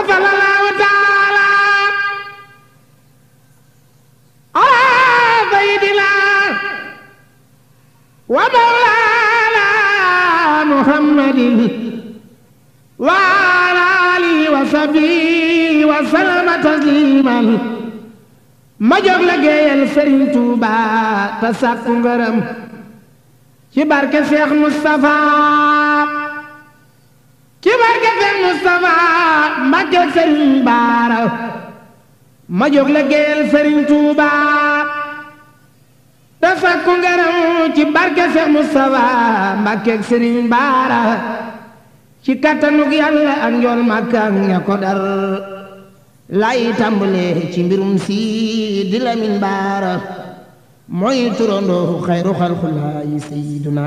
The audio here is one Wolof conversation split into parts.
وصلى تعالى على سيدنا ومولانا محمد وعلى آله وصحبه وسلم تسليما ma jóg liggéeyal Serigne Touba te sàkku ngërëm ci barke Cheikh Moustapha ci barke Seex Mustafa Mbàkke Sëriñ Baara ma jóg la géyal Sëriñ Tuuba te sakku ngërëm ci barke Seex Mustafa Mbàkke Sëriñ Baara ci kattanug Yàlla ak njool Màkka ak ña ko lay tàmbale ci mbirum Sidi Lamin Baara mooy turandoo xayru xalqulaahi sayyiduna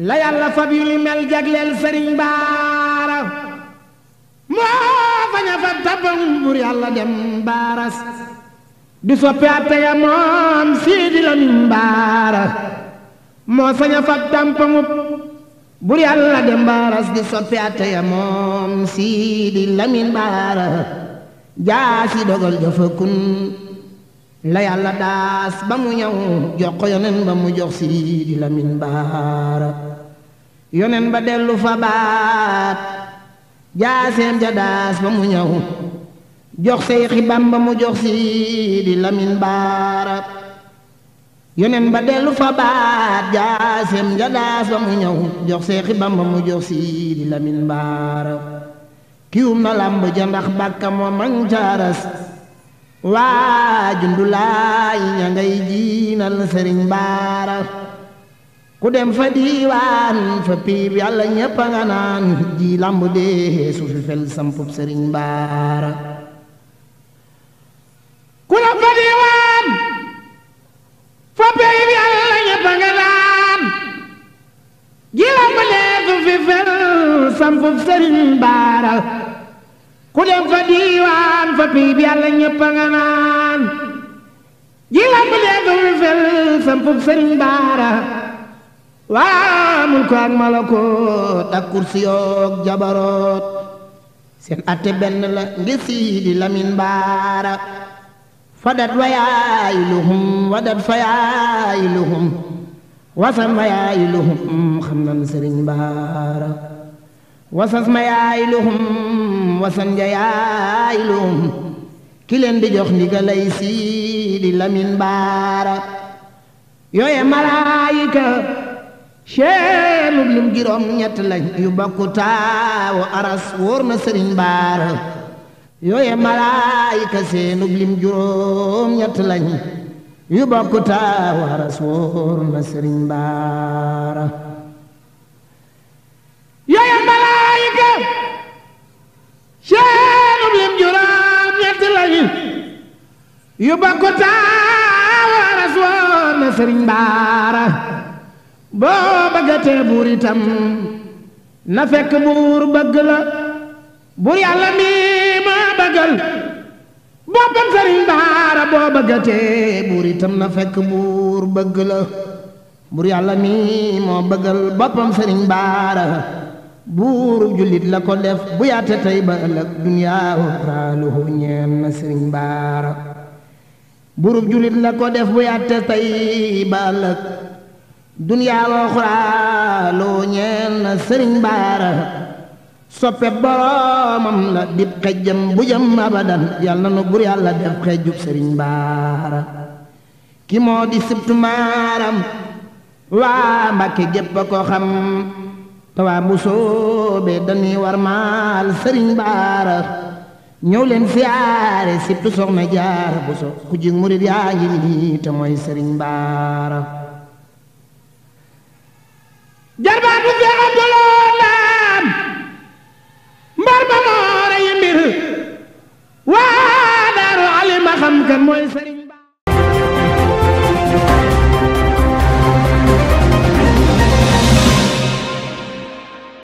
la yàlla fab yu ni mel jagleel sëriñ baara moo fañ a fab tabam bur yàlla dem baaras di soppi atte ya moom siidi lamin baara moo sañ a fab tampamub bur yàlla dem baaras di soppi atte ya moom siidi lamin baara jaasi dogal jëfa kun la daas ba mu ñëw jox ko yonen ba mu jox siidi lamin baara yonen ba dellu fa baat jaaseem ja daas ba mu ñëw jox Seyxi Bamba mu jox Siidi Lamin Baara yonen ba dellu fa baat jaaseem ja ba mu ñëw jox Seyxi Bamba mu jox Siidi Lamin Baara kiwum na làmb ja ndax bàkka moo man caaras waa jundulaayi ña jiinal sëriñ Baara ku dem fa diiwaan fa piib yàlla ñépp a nga naan ji làmb su fi fel sampub sëriñ baara ku dem fa diiwaan fa piib yàlla ñépp a nga naan ji làmb su fi fel sampub sëriñ baara waa mulku ak malakoot ak kursiyoog jabaroot seen atte benn la ngir siidi lamin baara fadat wa yaayiluhum wadat fa yaayiluhum wasam fa yaayiluhum xam nan sëriñ baara wasas ma yaayiluhum wasan ja yaayiluhum ki leen di jox ndigalay siidi lamin baara yooye malaayika seenu lim juróom ñett lañ yu bokku taawu aras wóor na sëriñ baara yooye malaayika seenu lim juróom ñett lañ yu bokku taawu aras aras wóor na baara boo bëggatee buur itam na fekk buur bëgg la buur yàlla mi ma bëggal boppam sëriñ baara boo bëggatee buur itam na fekk buur bëgg la buur yàlla mi moo bëggal boppam sëriñ baara buuru jullit la ko def bu yaate tey ba ëllëg duniyaa raaluhu ñeen na sëriñ baara buuru jullit la ko def bu yaate tey ba ëllëg duniyaa woo xuraaloo ñeel na sëriñ baara soppe boroomam la dib xejjam bu abadan yàlla na nu bur def xejjub sëriñ baara ki di sibtu maaram waa mbàkke gépp ko xam te waa bu soobee war maal sëriñ baara ñëw leen siyaare sibtu soxna jaar bu so murit yaa ngi nii te mooy sëriñ baara maam kan mooy sëriñ